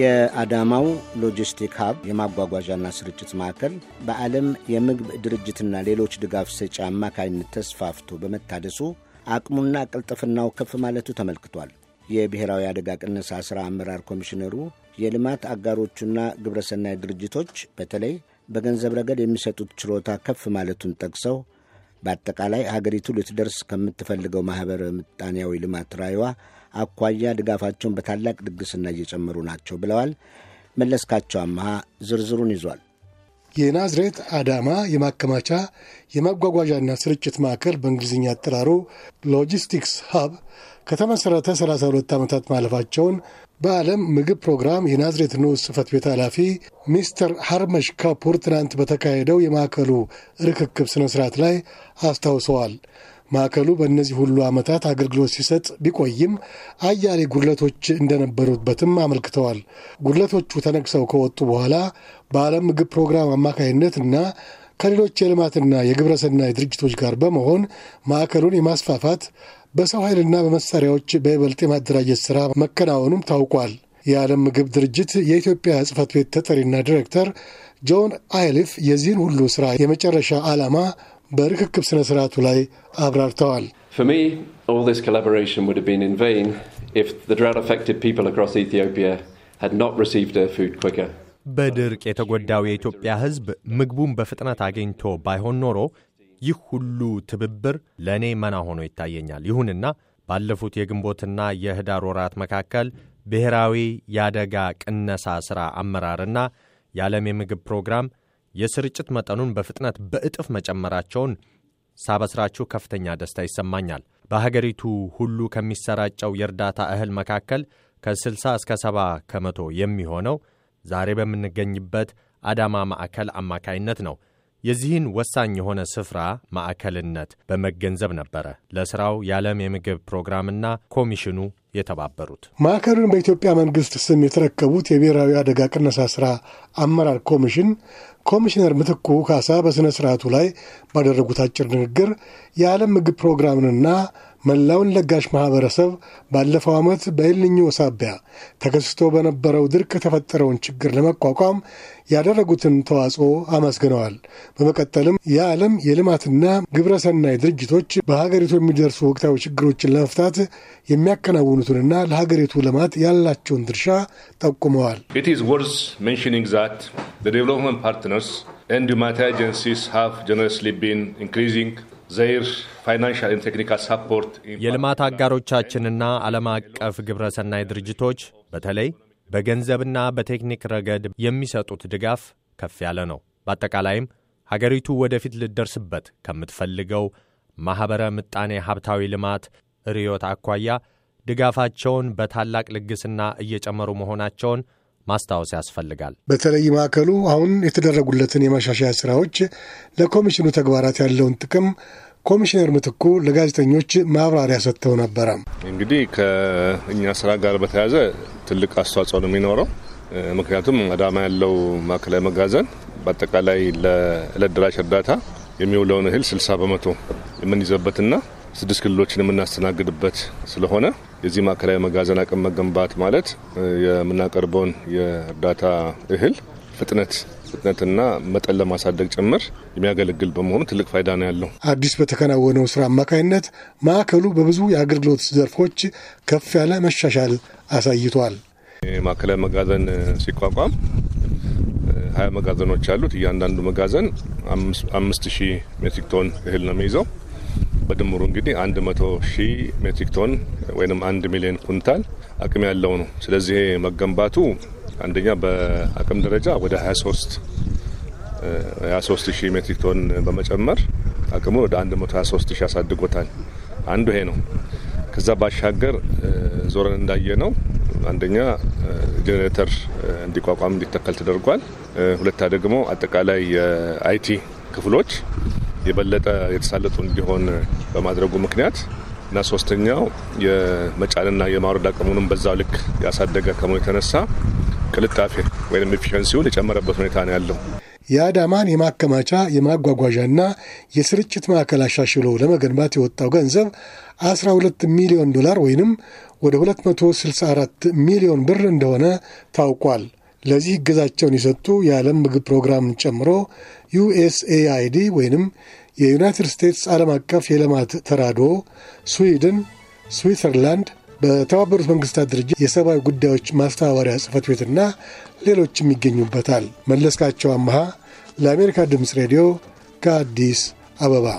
የአዳማው ሎጂስቲክ ሀብ የማጓጓዣና ስርጭት ማዕከል በዓለም የምግብ ድርጅትና ሌሎች ድጋፍ ሰጪ አማካኝነት ተስፋፍቶ በመታደሱ አቅሙና ቅልጥፍናው ከፍ ማለቱ ተመልክቷል። የብሔራዊ አደጋ ቅነሳ ሥራ አመራር ኮሚሽነሩ የልማት አጋሮቹና ግብረሰናይ ድርጅቶች በተለይ በገንዘብ ረገድ የሚሰጡት ችሎታ ከፍ ማለቱን ጠቅሰው በአጠቃላይ ሀገሪቱ ልትደርስ ከምትፈልገው ማኅበረ ምጣኔያዊ ልማት ራዕይዋ አኳያ ድጋፋቸውን በታላቅ ድግስና እየጨመሩ ናቸው ብለዋል። መለስካቸው አመሃ ዝርዝሩን ይዟል። የናዝሬት አዳማ የማከማቻ የማጓጓዣና ስርጭት ማዕከል በእንግሊዝኛ አጠራሩ ሎጂስቲክስ ሀብ ከተመሠረተ 32 ዓመታት ማለፋቸውን በዓለም ምግብ ፕሮግራም የናዝሬት ንዑስ ጽሕፈት ቤት ኃላፊ ሚስተር ሀርመሽ ካፑር ትናንት በተካሄደው የማዕከሉ ርክክብ ሥነ ሥርዓት ላይ አስታውሰዋል። ማዕከሉ በእነዚህ ሁሉ ዓመታት አገልግሎት ሲሰጥ ቢቆይም አያሌ ጉድለቶች እንደነበሩበትም አመልክተዋል። ጉድለቶቹ ተነግሰው ከወጡ በኋላ በዓለም ምግብ ፕሮግራም አማካይነት ከሌሎች የልማትና የግብረሰናይ ድርጅቶች ጋር በመሆን ማዕከሉን የማስፋፋት በሰው ኃይልና በመሳሪያዎች በይበልጥ የማደራጀት ሥራ መከናወኑም ታውቋል። የዓለም ምግብ ድርጅት የኢትዮጵያ ጽፈት ቤት ተጠሪና ዲሬክተር ጆን አይሊፍ የዚህን ሁሉ ሥራ የመጨረሻ ዓላማ በርክክብ ስነ ስርዓቱ ላይ አብራርተዋል። በድርቅ የተጎዳው የኢትዮጵያ ሕዝብ ምግቡን በፍጥነት አግኝቶ ባይሆን ኖሮ ይህ ሁሉ ትብብር ለእኔ መና ሆኖ ይታየኛል። ይሁንና ባለፉት የግንቦትና የህዳር ወራት መካከል ብሔራዊ የአደጋ ቅነሳ ሥራ አመራርና የዓለም የምግብ ፕሮግራም የስርጭት መጠኑን በፍጥነት በእጥፍ መጨመራቸውን ሳበስራችሁ ከፍተኛ ደስታ ይሰማኛል። በሀገሪቱ ሁሉ ከሚሰራጨው የእርዳታ እህል መካከል ከ60 እስከ 70 ከመቶ የሚሆነው ዛሬ በምንገኝበት አዳማ ማዕከል አማካይነት ነው። የዚህን ወሳኝ የሆነ ስፍራ ማዕከልነት በመገንዘብ ነበረ ለሥራው የዓለም የምግብ ፕሮግራምና ኮሚሽኑ የተባበሩት። ማዕከሉን በኢትዮጵያ መንግስት ስም የተረከቡት የብሔራዊ አደጋ ቅነሳ ስራ አመራር ኮሚሽን ኮሚሽነር ምትኩ ካሳ በሥነ ሥርዓቱ ላይ ባደረጉት አጭር ንግግር የዓለም ምግብ ፕሮግራምንና መላውን ለጋሽ ማህበረሰብ ባለፈው ዓመት በኤልኒኞ ሳቢያ ተከስቶ በነበረው ድርቅ የተፈጠረውን ችግር ለመቋቋም ያደረጉትን ተዋጽኦ አመስግነዋል። በመቀጠልም የዓለም የልማትና ግብረሰናይ ድርጅቶች በሀገሪቱ የሚደርሱ ወቅታዊ ችግሮችን ለመፍታት የሚያከናውኑትንና ለሀገሪቱ ልማት ያላቸውን ድርሻ ጠቁመዋል። ኢት ኢዝ ወርዝ ሜንሽኒንግ ፓርትነርስ ኤንድ ኤጀንሲስ ሃቭ ጀነረስሊ ቢን ኢንክሪዚንግ የልማት አጋሮቻችንና ዓለም አቀፍ ግብረሰናይ ድርጅቶች በተለይ በገንዘብና በቴክኒክ ረገድ የሚሰጡት ድጋፍ ከፍ ያለ ነው። በአጠቃላይም ሀገሪቱ ወደፊት ልደርስበት ከምትፈልገው ማኅበረ ምጣኔ ሀብታዊ ልማት ርዮት አኳያ ድጋፋቸውን በታላቅ ልግስና እየጨመሩ መሆናቸውን ማስታወስ ያስፈልጋል። በተለይ ማዕከሉ አሁን የተደረጉለትን የማሻሻያ ስራዎች፣ ለኮሚሽኑ ተግባራት ያለውን ጥቅም ኮሚሽነር ምትኩ ለጋዜጠኞች ማብራሪያ ሰጥተው ነበረ። እንግዲህ ከእኛ ስራ ጋር በተያያዘ ትልቅ አስተዋጽኦ ነው የሚኖረው። ምክንያቱም አዳማ ያለው ማዕከላዊ መጋዘን በአጠቃላይ ለዕለት ደራሽ እርዳታ የሚውለውን እህል 60 በመቶ የምንይዘበትና ስድስት ክልሎችን የምናስተናግድበት ስለሆነ የዚህ ማዕከላዊ መጋዘን አቅም መገንባት ማለት የምናቀርበውን የእርዳታ እህል ፍጥነት ፍጥነትና መጠን ለማሳደግ ጭምር የሚያገለግል በመሆኑ ትልቅ ፋይዳ ነው ያለው። አዲስ በተከናወነው ስራ አማካኝነት ማዕከሉ በብዙ የአገልግሎት ዘርፎች ከፍ ያለ መሻሻል አሳይቷል። ማዕከላዊ መጋዘን ሲቋቋም ሀያ መጋዘኖች አሉት። እያንዳንዱ መጋዘን አምስት ሺህ ሜትሪክ ቶን እህል ነው የሚይዘው። በድምሩ እንግዲህ አንድ መቶ ሺህ ሜትሪክ ቶን ወይም አንድ ሚሊዮን ኩንታል አቅም ያለው ነው። ስለዚህ መገንባቱ አንደኛ በአቅም ደረጃ ወደ 23 23 ሺህ ሜትሪክ ቶን በመጨመር አቅሙን ወደ 123 ሺህ ያሳድጎታል። አንዱ ይሄ ነው። ከዛ ባሻገር ዞረን እንዳየ ነው አንደኛ ጄኔሬተር እንዲቋቋም እንዲተከል ተደርጓል። ሁለታ ደግሞ አጠቃላይ የአይቲ ክፍሎች የበለጠ የተሳለጡ እንዲሆን በማድረጉ ምክንያት እና ሶስተኛው የመጫንና የማውረድ አቅሙንም በዛው ልክ ያሳደገ ከመሆኑ የተነሳ ቅልጣፌ ወይም ኤፊሽንሲውን የጨመረበት ሁኔታ ነው ያለው። የአዳማን የማከማቻ የማጓጓዣና የስርጭት ማዕከል አሻሽሎ ለመገንባት የወጣው ገንዘብ 12 ሚሊዮን ዶላር ወይንም ወደ 264 ሚሊዮን ብር እንደሆነ ታውቋል። ለዚህ እገዛቸውን የሰጡ የዓለም ምግብ ፕሮግራምን ጨምሮ ዩኤስኤአይዲ ወይንም የዩናይትድ ስቴትስ ዓለም አቀፍ የልማት ተራድኦ፣ ስዊድን፣ ስዊትዘርላንድ፣ በተባበሩት መንግስታት ድርጅት የሰብአዊ ጉዳዮች ማስተባበሪያ ጽህፈት ቤትና ሌሎችም ይገኙበታል። መለስካቸው አመሃ ለአሜሪካ ድምፅ ሬዲዮ ከአዲስ አበባ